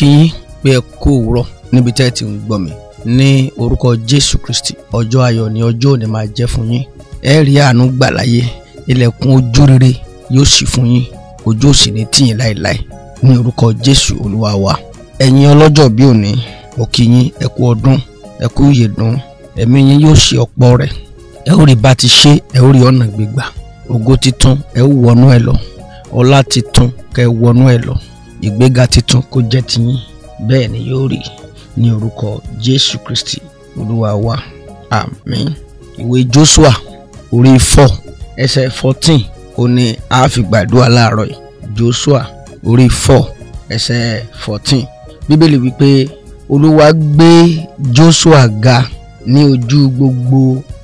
kí yín pé ẹ kó òwúrọ̀ níbi tẹ́ ẹ ti ń gbọ́ mi ní orúkọ Jésù Kristi ọjọ́ ayọ̀ ni ọjọ́ òní máa jẹ́ fún yín ẹ rí àánú gbà láyé ilẹ̀kùn ojú rere yóò ṣí fún yín ojú òsì ní tìyín láéláé ní orúkọ Jésù Olúwa wa ẹ̀yin ọlọ́jọ́ bí òní mo yín ẹ kú ọdún ẹ kú ìyèdún ẹ̀mí yín yóò ṣe ọ̀pọ̀ rẹ̀ ẹ ó rí bá ti ṣe ẹ ó rí ọ̀nà gbígbà ògo titun ẹ ó wọnú ẹ lọ ọlá titun kẹ wọnú ẹ lọ ìgbéga titun kó jẹ́ tiyín bẹ́ẹ̀ ni yóò rí ní orúkọ jésù kristi olúwa wa àmín ìwé joshua orí four ẹsẹ̀ fourteen ó ní a fi gbàdúrà láàárọ̀ yìí joshua orí four ẹsẹ̀ fourteen bíbélì wípé olúwa gbé joshua ga ní ojú gbogbo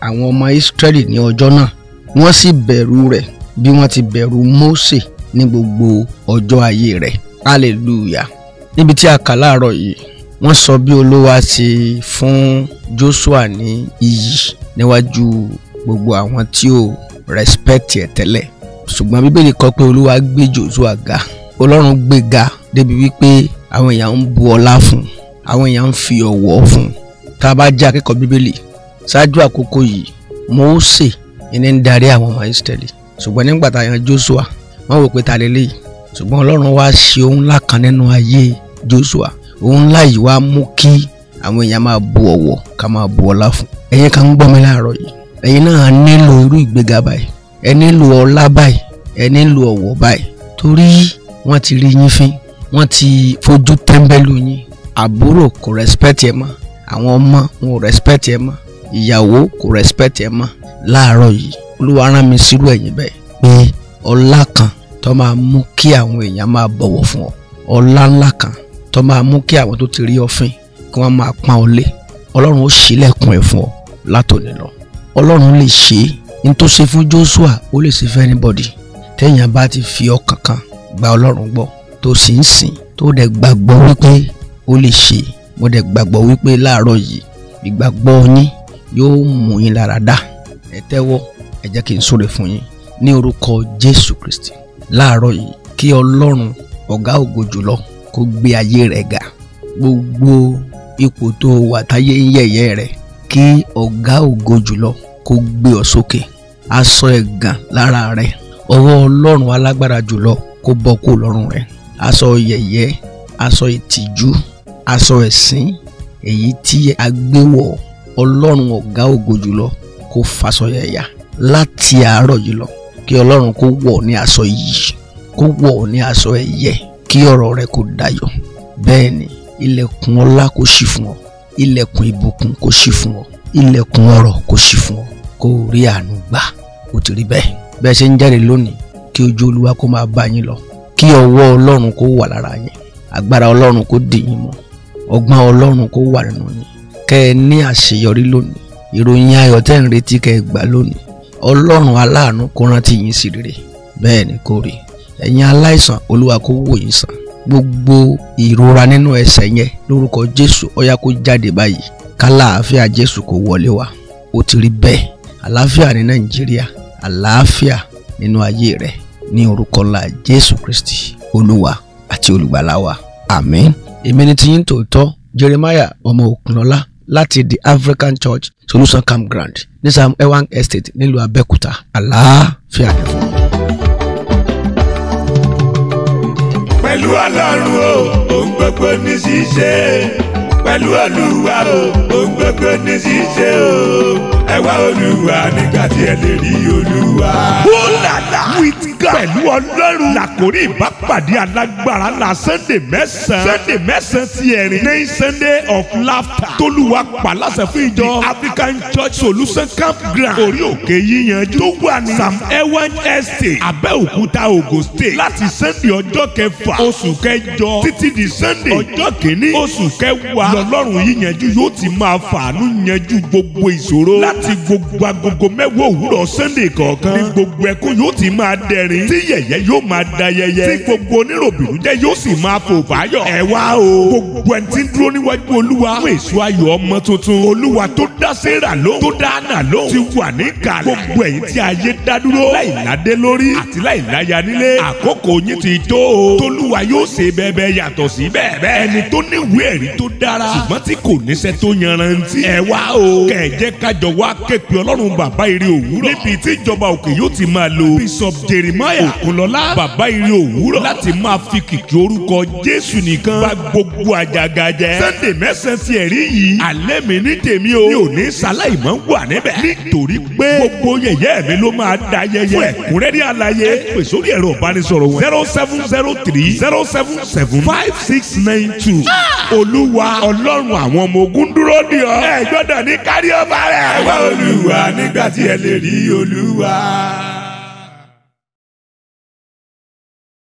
àwọn ọmọ israẹli ní ọjọ́ náà wọ́n sì bẹ̀rù rẹ̀ bí wọ́n ti bẹ̀rù mose ní gbogbo ọjọ́ ayé rẹ̀ hallelujah níbi tí a kà láàárọ̀ yìí wọ́n sọ bí olúwa ṣe fún joshua ní iyì níwájú gbogbo àwọn tí ò respect ẹ̀ tẹ́lẹ̀ ṣùgbọ́n bíbélì kọ pé olúwa gbé joshua ga ọlọ́run gbé ga débi wípé àwọn èèyàn ń bu ọlá fún àwọn èèyàn ń fi ọ̀wọ̀ fún tá a bá jẹ́ akẹ́kọ̀ọ́ bíbélì ṣáájú àkókò yìí Mósè ẹni ń darí àwọn ọmọ Ísírẹ́lì ṣùgbọ́n nígbà tá joshua wọ́n wò pé ta lélẹ́yìí ṣùgbọ́n ọlọ́run wá ṣe ohun ńlá kan nínú ayé Joshua ohun ńlá yìí wá mú kí àwọn èèyàn máa bu ọ̀wọ̀ ká máa bu ọlá fún ẹ̀yin kan ń gbọ́ mi láàárọ̀ yìí ẹ̀yin náà nílò irú ìgbéga báyìí ẹ nílò ọlá báyìí ẹ nílò ọ̀wọ̀ báyìí torí wọ́n ti rí yín fín wọ́n ti fojú tẹ́ńbẹ́lú yín àbúrò kò respect ẹ mọ́ àwọn ọmọ wọn ò respect ẹ mọ́ ìyàwó kò respect ẹ mọ́ láàárọ̀ yìí olúwa rán mi sírú ẹ̀yin bẹ́ẹ̀ pé ọlá kan tó máa mú kí àwọn èèyàn máa bọ̀wọ̀ fún ọ ọlá ńlá kan tó máa mú kí àwọn tó ti rí ọ̀fìn kí wọ́n máa pọ́n ọ lé ọlọ́run ó ṣílẹ̀kùn ẹ̀ fún ọ látòní lọ ọlọ́run lè ṣe é n tó ṣe fún Joshua ó lè ṣe fún anybody téèyàn bá ti fi ọkàn kan gba ọlọ́run gbọ́ tó sì ń sìn tó dẹ̀ gbàgbọ́ wípé ó lè ṣe mo dẹ̀ gbàgbọ́ wípé láàárọ̀ yìí ìgbàgbọ́ yín yóò mú yín lára dá ẹ tẹ́wọ́ ẹ jẹ́ kí n súre fún yín ní orúkọ Jésù Kristi láàárọ̀ yìí kí ọlọ́run ọ̀gá ògo jùlọ kó gbé ayé rẹ̀ ga gbogbo ipò tó wà táyé ń yẹ̀yẹ́ rẹ̀ kí ọ̀gá ògo jùlọ kó gbé ọ sókè aṣọ ẹ̀gàn lára rẹ̀ ọwọ́ ọlọ́run alágbára jùlọ kó bọ́ kó lọ́rùn rẹ̀ aṣọ yẹ̀yẹ́ aṣọ ìtìjú aṣọ ẹ̀sín èyí tí a gbé wọ̀ ọlọ́run ọ̀gá ògo jùlọ kó faṣọ yẹ̀yà láti àárọ̀ yìí lọ kí ọlọ́run kó wọ̀ ní aṣọ yìí kó wọ̀ ní aṣọ ẹ̀yẹ kí ọ̀rọ̀ rẹ kó dayọ̀ bẹ́ẹ̀ ni ilẹ̀kùn ọlá kó ṣí fún ọ ilẹ̀kùn ìbùkún kó ṣí fún ọ ilẹ̀kùn ọrọ̀ kó ṣí fún ọ kó rí àánú gbà ó ti rí bẹ́ẹ̀ bẹ́ẹ̀ ṣe ń jáde lónìí kí ojú olúwa kó máa bá yín lọ kí ọwọ́ ọlọ́run kó wà lára yín agbára ọlọ́run kó dì yín mọ́ ọgbọ́n ọlọ́run kó wà nínú yín kẹ́ ẹ ní àṣeyọrí lónìí ìròyìn ayọ̀ tẹ́ ń retí kẹ́ ẹ gbà lónìí ọlọ́run aláàánú kó rántí yín sí rere bẹ́ẹ̀ ni kò rí ẹ̀yin aláìsàn olúwa kó wò yín sàn gbogbo ìrora nínú ẹsẹ̀ yẹn lórúkọ jésù ọ̀yá kó jáde báyìí kálàáfíà jésù kó wọlé wá ó ti rí bẹ́ẹ̀ àlàáfíà ní nàìjíríà àlàáfíà nínú ayé rẹ ní orúkọ ńlá jésù kristi olúwa àti olùgbàlà wa àmín èmi ni tiyín tòótọ́ jeremiah ọmọ òkunlọ́lá láti the African Church Solution Campground ní Sam Ewang Estate nílùú Abẹ́òkúta àlàáfíà ni fún ọ. pẹ̀lú ọlọ́run o òun gbogbo ní ṣíṣe pẹ̀lú olúwa o òun gbogbo ní ṣíṣe o ẹ wá olúwa nígbà tí ẹ lè rí olúwa ọlọ́run làkòrí ìbápàdé alágbára la sunday mẹ́sàn-án sunday mẹ́sàn-án ti ẹ̀rín ní sunday of laughter tólúwa pàlásẹ̀ fún ìjọ african church solution camp ground orí òkè yíyanjú tó wà ní sam ewan estate abẹ́òkúta ogun state láti sunday ọjọ́ kẹfà oṣù kẹjọ títí di sunday ọjọ́ kìíní oṣù kẹwàá lọ́lọ́run yíyanjú yóò ti máa fàánú yanjú gbogbo ìṣòro láti gbogbo agogo mẹ́wàá òwúrọ̀ sunday kọ̀ọ̀kan ní gbogbo ẹkún yóò ti máa dẹ̀rín tí yẹ̀yẹ́ yóò máa da yẹ̀yẹ́ tí gbogbo oníròbìnú jẹ́ yóò sì máa fò fáyọ̀. ẹ wá o gbogbo ẹni tí ń dúró níwájú olúwa fún èso ayọ̀ ọmọ tuntun olúwa tó dá séra lóhùn tó dá ànà lóhùn ti wà ní kàlẹ̀ gbogbo ẹ̀yin tí ayé dá dúró láìládé lórí àti láìláya nílé àkókò yín ti tó o tolúwa yóò ṣe bẹ́ẹ̀ yàtọ̀ sí bẹ́ẹ̀ bẹ́ẹ̀ ẹni tó ní ìwé ẹ̀rí tó dára ṣùgbọ́n tí kò níṣẹ́ tó yanrantí ẹ wá o kẹ̀jẹ́ kájọ wá képe ọlọ́run bàbá ire òwúrọ̀ níbi tí ìjọba òkè yóò ti máa lo bishop jeremiah Ògúnlọ́lá bàbá ire òwúrọ̀ láti máa fi kìkì orúkọ Jésù nìkan bá gbogbo àjàgà Sunday mẹ́sàn-án ẹ̀rí yìí alẹ́ mi ní tèmi o mi ò ní sáláì mọ́ wà níbẹ̀ nítorí pé gbogbo yẹ̀yẹ́ mi ló máa da yẹyẹ fún ẹ̀kúnrẹ́rẹ́ àlàyé ẹ pè sórí ẹ̀rọ ìbánisọ̀rọ̀ wọn zero seven zero three zero seven seven five six nine two ah! Olúwa Ọlọ́run àwọn ọmọ ogun dúró dè ọ́ ẹ gbọ́dọ̀ ní kárí ọba rẹ̀. ẹ wá Olúwa nígbà tí ẹ lè rí Olúwa.